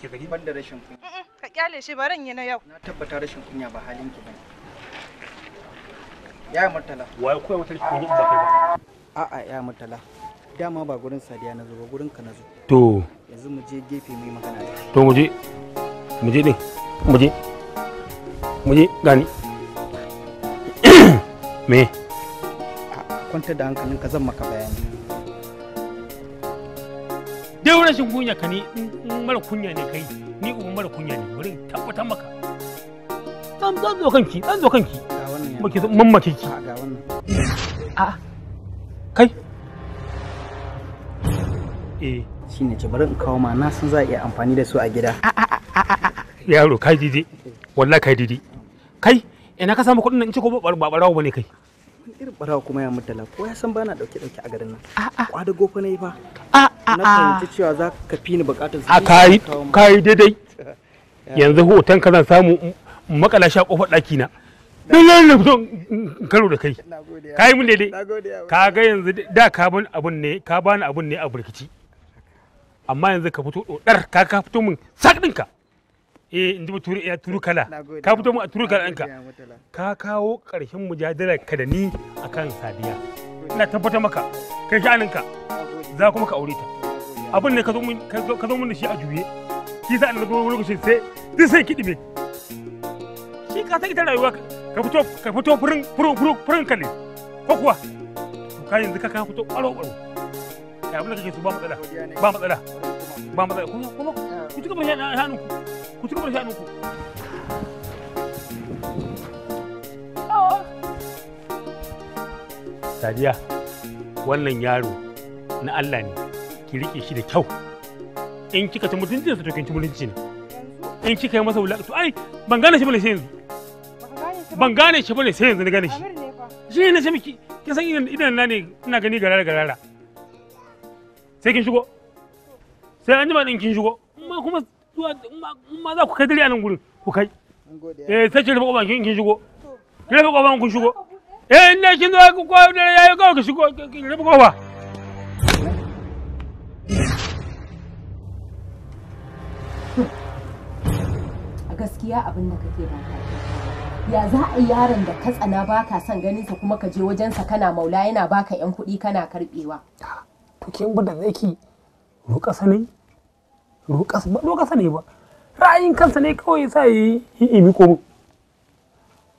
ke zagi ban da rashin kunya ka kyale shi baran yi na yau na tabbata rashin kunya ba halin ki bane ya murtala wai koyi wata rashin kunya ba kai ba a'a ya murtala dama ba gurin sadiya na zo ba gurin ka na zo to yanzu mu je gefe mai magana to mu je mu je din mu je mu je gani me kwantar da hankalinka zan maka bayani duk rashin kunya ka ni mara kunya ne kai ni kuma mara kunya ne bari tabbatar maka dan dan zo kanki dan zo kanki muke mun make ki ga wannan a kai eh shine ce bari in kawo ma na san za a iya amfani da su a gida yaro kai didi wallahi kai didi kai ina ka samu kuɗin nan in ce ko ba barawo bane kai wani irin barawa kuma ya mutala ko ya san bana dauke dauke a garin nan gofa ne fa na fahimci cewa za ka fi ni bukatar a kai kai daidai yanzu hoton ka zan samu makala sha kofar daki na kai kai ka bani abun ne a burkici amma yanzu ka fito dodar ka fito min sak ɗinka. eh in turu ya turu kala ka fito mu a turu kala ɗinka ka kawo ƙarshen mujadalar ka da ni akan sadiya ina tabbatar maka kai sha'aninka za kuma ka aure ta abin ne ka zo mun da shi a juye shi sa na zo lokacin sai duk sai kiɗi me shi ka san ita rayuwa ka fito ka fito furin furin furin furin ka ne ko kuwa ka yanzu ka ka fito ƙwaro ƙwaro ya abin da kake so ba matsala ba matsala ba matsala kuma kuma ku ci gaba da hannunku ku ci gaba da sha'aninku Sadiya wannan yaro na Allah ne ki rike shi da kyau in kika ci mutuncin sa to kin ci mutunci ne in kika yi masa wulaƙa to ai ban gane shi bane sai yanzu ban gane shi bane sai yanzu na gane shi shi ne shi miki kin san idan idan na ne ina gani garara garara sai kin shigo sai an jima din kin shigo amma kuma in ma za ku kai dare a nan gurin ku kai eh sai ki rufe kofar kin kin shigo ki rufe kofar kun shigo eh in ne kin zo ku ko dare yayi kawai ki shigo ki rufe kofa a gaskiya abin da kake ba ya za a yaron da ka tsana ba ka son ganin sa kuma ka je wajen sa kana maula yana baka yan kuɗi kana karbewa to kin gudan zaki roƙa sanai roƙas ba roƙasa ne ba ra'ayin kansa ne kawai sa yi yi miko mu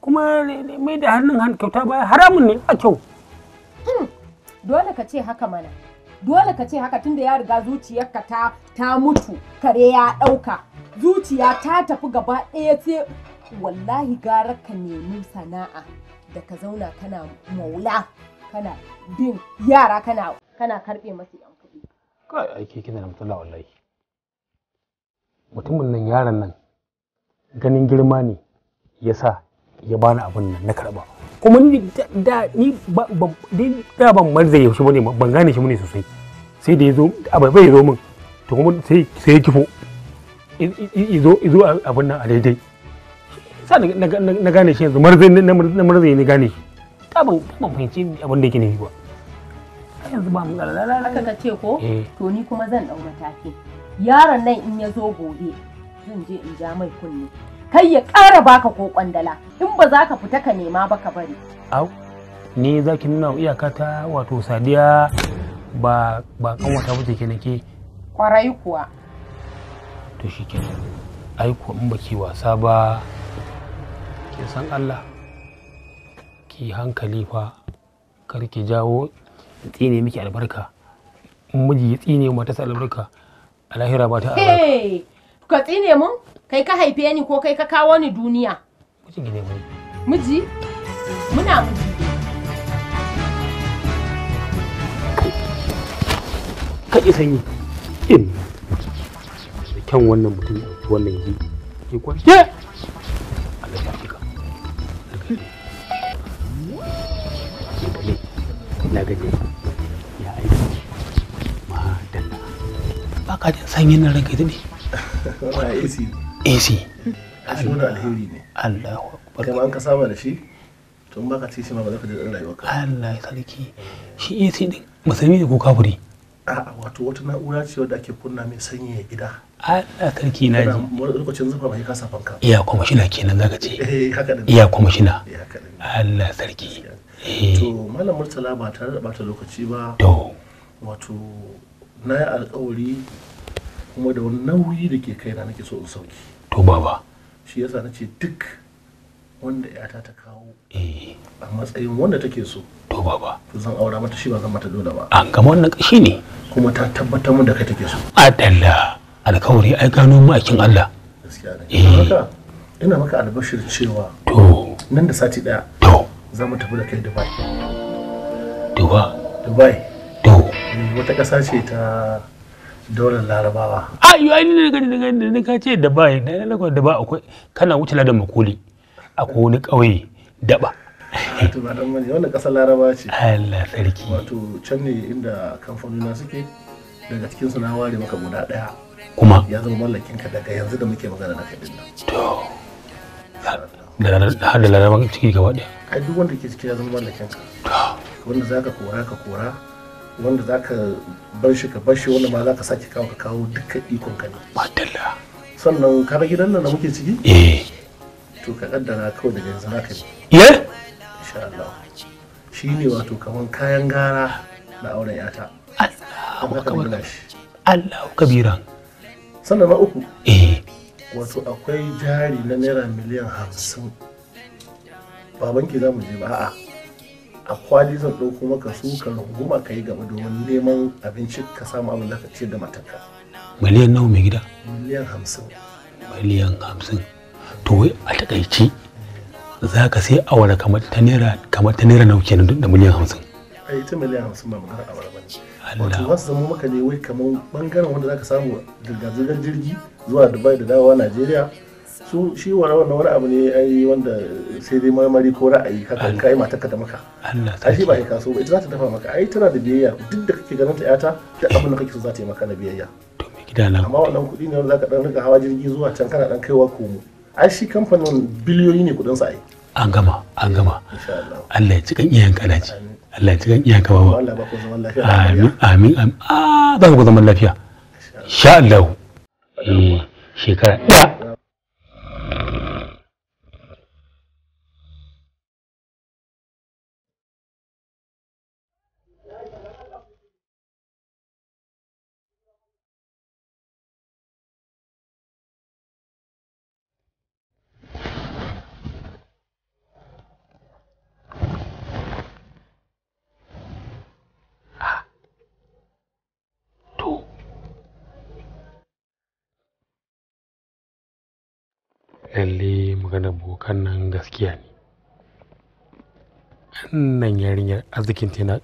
kuma mai da hannun hannu kyauta baya haramun ne a kyau hmm. dole ka ce haka mana dole ka ce haka tunda ya riga zuciyarka ta ta mutu kare ya ɗauka zuciya ta tafi gaba ɗaya ce, wallahi gara ka nemi sana'a da ka zauna kana maula kana bin yara kana kana karɓe masu yan kuɗi kai aiki kina da matsala wallahi mutumin nan yaron nan ganin girma ne ya sa ya bani abin nan na karba kuma ni da ni da ban marza shi bane ban gane shi bane sosai sai da yazo abai bai zo min to kuma sai sai ya kifo izo izo abin nan a daidai sa na gane shi yanzu marza na marza ne gane shi ta ban ban fahimci abin da yake nufi ba yanzu ba mu lalala aka ka ce ko eh. to ni kuma zan daura take. yaron nan in ya zo gobe zan je in ja mai kunne kai ya ƙara baka ko kwandala in ba za ka fita ka nema ba ka bari au ni za ki nuna iyaka ta wato sadiya ba ba kanwata ba ke kenan kwarai kuwa to shi ai ko in baki wasa ba ki san Allah ki hankali fa kar ki jawo tsine miki albarka miji ya tsine mata albarka a lahira ba ta Hey, ka tsine mun kai ka haife ni ko kai ka kawo ni duniya miji muna miji kaɗi sanyi in da kyan wannan mutum wannan yi ke kwance Allah ya fi ka na gaje ba ka jin sanyin nan ranka daɗe AC AC Allahu akbar kai ka saba da shi tun baka ci shi ma ba za ka ji rayuwa ka Allah sarki shi AC din ne ko wato wata na'ura ce wadda ake kunna mai sanyi ya gida Allah sarki na ji lokacin zufa kasa fanka iya kenan ce eh, iya eh, Allah sarki eh. to malam murtala ba tare lokaci ba wato na yi alkawari kuma da wani nauyi da ke kai na nake so in sauki to baba shi yasa na ce duk wanda yata ta kawo eh. a matsayin wanda take so to baba zan aura mata shi ba zan mata dole ba an gama wannan kashi ne kuma ta tabbatar mun da kai take so adalla alkawari ai gano mu akin Allah gaskiya ne eh. ina maka albashir cewa to nan da sati daya to za mu tafi da kai Dubai Dubai Dubai wata ƙasa ce ta daular larabawa a yi ai ne daga ni ka ce da ba na na da ba akwai kana wuce ladan makuli akwai wani ƙauye daba wato ba dan mani wannan ƙasar Laraba ce Allah sarki wato can ne inda kamfanona suke daga cikin su na ware maka guda ɗaya. kuma ya zama mallakin ka daga yanzu da muke magana da kai din to da Laraba ciki gaba ɗaya. ai duk wanda ke ciki ya zama mallakin ka wanda zaka kora ka kora wanda za ka bar shi ka bar shi wanda ma za ka sake kawo ka kawo duka ikon ka ne madalla sannan ka ga gidan nan da muke ciki eh to ka kaddara kawai daga yanzu haka ne Ye? insha Allah shi ne wato kaman kayan gara na auren yata Allahu akbar Allahu kabira sannan na uku eh wato akwai jari na naira miliyan hamsin babanki za mu je ba a'a a kwali zan ɗauko maka su ka runguma ka yi gaba domin neman abinci ka samu abin da ka ciyar da matanka. Miliyan nawa mai gida? Miliyan hamsin. Miliyan hamsin. To wai a takaici za ka sai awara kamar ta naira kamar ta naira nauke ne da miliyan hamsin. a ita miliyan hamsin ba maganar awara ba ne. Wato wasu zama maka ne wai kamar bangaren wanda za ka samu daga zirgar jirgi zuwa Dubai da dawowa Najeriya su shi wani wannan wani abu ne ai wanda sai dai marmari ko ra'ayi haka ka yi matarka ta maka ta shi ba ka so ita za ta dafa maka ai tana da biyayya duk da kake ganin ta yata da abin da kake so za ta yi maka na biyayya amma wannan kuɗi ne wanda za ka dan rika hawa jirgi zuwa can kana dan kaiwa komo ai shi kamfanin biliyoyi ne kuɗin sa ai an gama an gama Allah ya ci kan iyayen kana ci Allah ya ci kan iyayen ka baba amin amin amin ah za ku zaman lafiya sha Allah hmm, shekara ɗaya abokan nan gaskiya ne wannan yarinyar arzikinta yana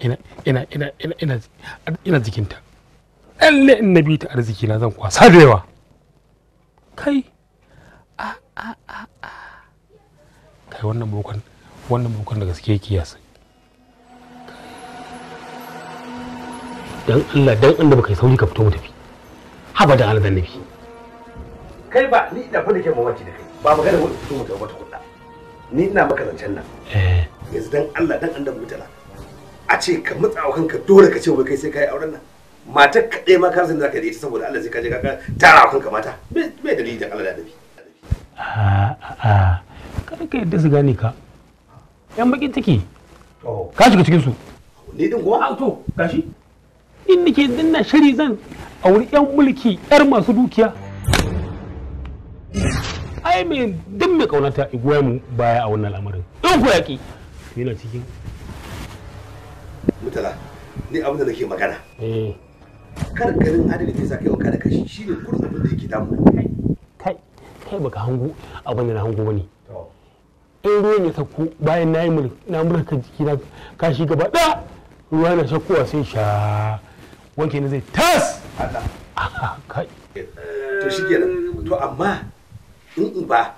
ina ina ina ina ina ina jikinta lalle in na biyu ta arziki na zan kwasa da yawa kai a a a a kai wannan bokan wannan bokan da gaske yake yasa dan Allah dan Allah baka sauri ka fito mu tafi haba da Allah dan nabi kai ba ni da fa da ke mamaci da kai ba magana wani fito ta wata kuɗa ni ina maka zancen nan eh. yanzu dan Allah dan annabi mutala a ce ka mutsa wa kanka dole ka ce wai kai sai kai auren nan mata ka ma ka san da ka da ita saboda Allah sai ka je ka tara wa kanka mata me dalili dan Allah da a a kada ka yadda su gane ka yan bakin ciki ka shiga cikin su ni din go a to gashi in nake dinna shiri zan auri yan mulki yar masu dukiya ai me duk mai kaunata igoya mu baya a wannan lamarin in ku yaki yana cikin mutala ni abin da nake magana eh. kar garin adali ne sa kai wa kada kashi shine kurin abin da yake damu kai kai baka hango abin da na hango bane in ruwan ya sako bayan na yi mulki na mulka jiki na kashi gaba da ruwa na saukowa sai sha wanke ne zai tas to shi to amma in uba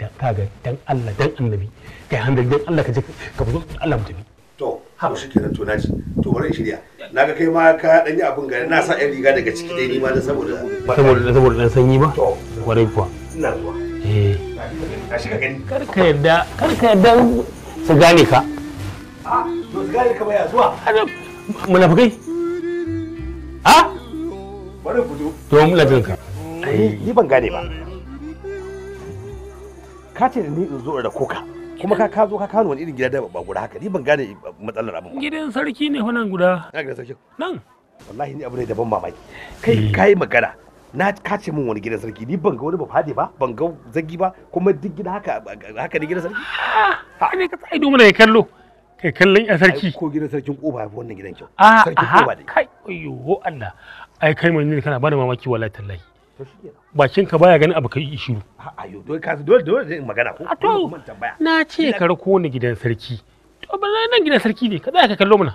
da kaga dan Allah dan annabi kai hanzari dan Allah ka je ka fito Allah mutumi. to ha shi kenan to naji to bari shirya naga kai ma ka dan yi abin gari na sa yan riga daga ciki dai ni ma dan saboda saboda saboda dan sanyi ba to kwarai kuwa ina zuwa eh a shiga gani kar ka yarda kar ka yarda su gane ka a to su gane ka baya zuwa munafikai a bari ku to mun lajin ka ni ban gane ba ka ce ni in zo da koka kuma ka ka zo ka kano wani irin gida da ba guda haka ni ban gane matsalar abin gidan sarki ne wannan guda na gidan sarki nan wallahi ni abu ne daban mamaki kai hmm. kai magana na kace min wani gidan sarki ni ban ga wani ba fadi ba ban ga zagi ba kuma duk gida haka haka ne gidan sarki ha ne ka tsaya domin ya kallo kai kallon ya sarki ko gidan sarkin koba ba wannan gidan kyau ah, sarkin koba dai kai ayyo Allah ai kai mun ne kana bani mamaki wallahi tallahi to shi bakin ka baya ganin abu ka yi shiru yau, dole ka dole dole zai magana ko to na ce ka rako ni gidan sarki to ba nan gidan sarki ne ka tsaya ka kallo mana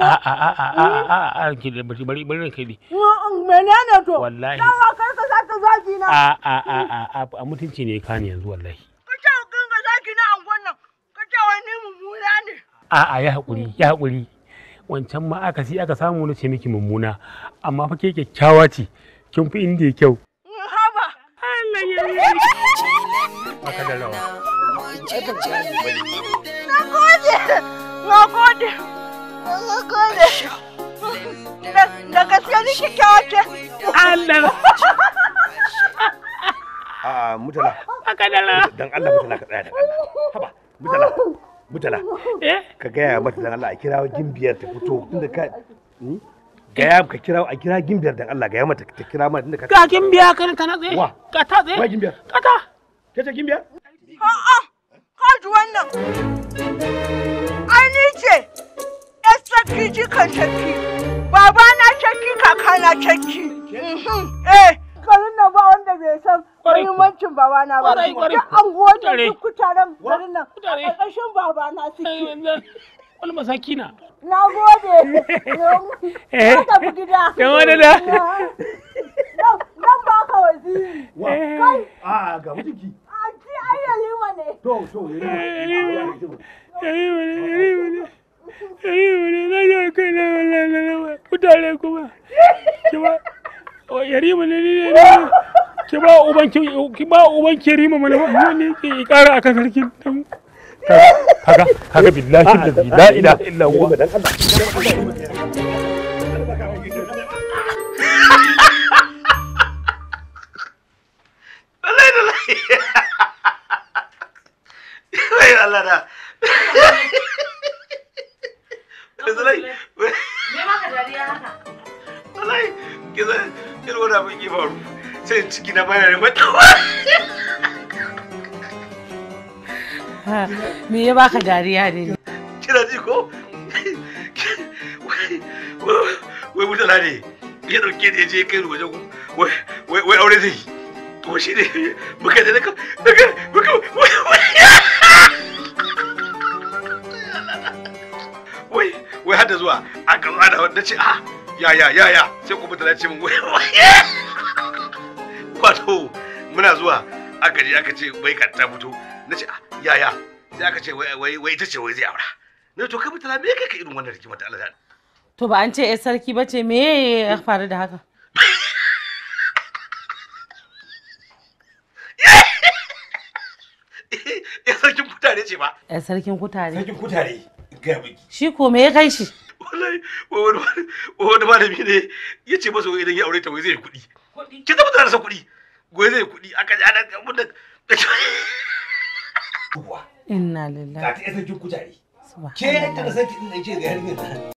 a'a a'a a'a a'a bari a'a, a'a, kai menene to wallahi dawa kar ka saka zaki na a a a a mutunci ne ka yanzu wallahi ka ce kin ga zaki na angon nan ka wani mummuna ne a a ya hakuri ya hakuri wancan ma aka si aka samu na ce miki mummuna amma fa ke kyakkyawa ce kin fi inda ya kyau mm, haba Allah ya yi aka da rawa na gode na gode na gode da gaske ni kyakkyawa ce Allah mutala dan Allah mutala ka tsaya da Allah haba mutala mutala eh? ka gaya mata dan Allah a kirawo gimbiyar ta fito tunda ka hmm? gaya ka kira a kira gimbiyar dan Allah gaya mata ta kira mata tunda ka ka gimbiya ka ta na tsaye ka ta tsaye gimbiyar ka ta ke ta gimbiyar a'a ka ji wannan ai ni ce 'yar tsaki jikan tsaki baba na tsaki kaka na tsaki garin nan ba wanda bai san muhimmancin baba na ba an goje duk kutaren garin nan a ƙarƙashin baba na suke wani masaki na na gode na tafi gida yan wani da nan ba ka waziri kai a ga a ci ayyalima ne to to ne kuma kiba o yarima ne ne ne ki ba uban ki ba uban ki rima mana ba mu ne ki kara akan sarkin kaga kaga billahi la ilaha illa huwa sai ciki na bana da matawa me ya baka dariya ne kina ji ko wai mutala ne ya dauke da je kai waje wai wai aure zai to shi ne muka da naka daga muka wai wai hada zuwa a kan hada wanda ce ah ya ya ya ya sai kuma mutala ce mun wai wato muna zuwa aka je aka ce bai ka ta fito na ce ah, yaya sai aka ce wai wai ita ce wai zai aura na to kai mutala me kai ka irin wannan rigimar da Allah to ba an ce eh sarki bace me ya faru da haka ya sarkin kutare ce ba ya sarkin kutare sarkin kutare ga biki shi ko me ya kai shi wallahi wani malami ne ya ce masa idan ya aure ta wai zai kuɗi kin ga mutane sa kuɗi wai zai kuɗi aka ji ana kamun da inna lillahi Ka ta yi kin kujari. ke ta da ki din da yake ga yarinya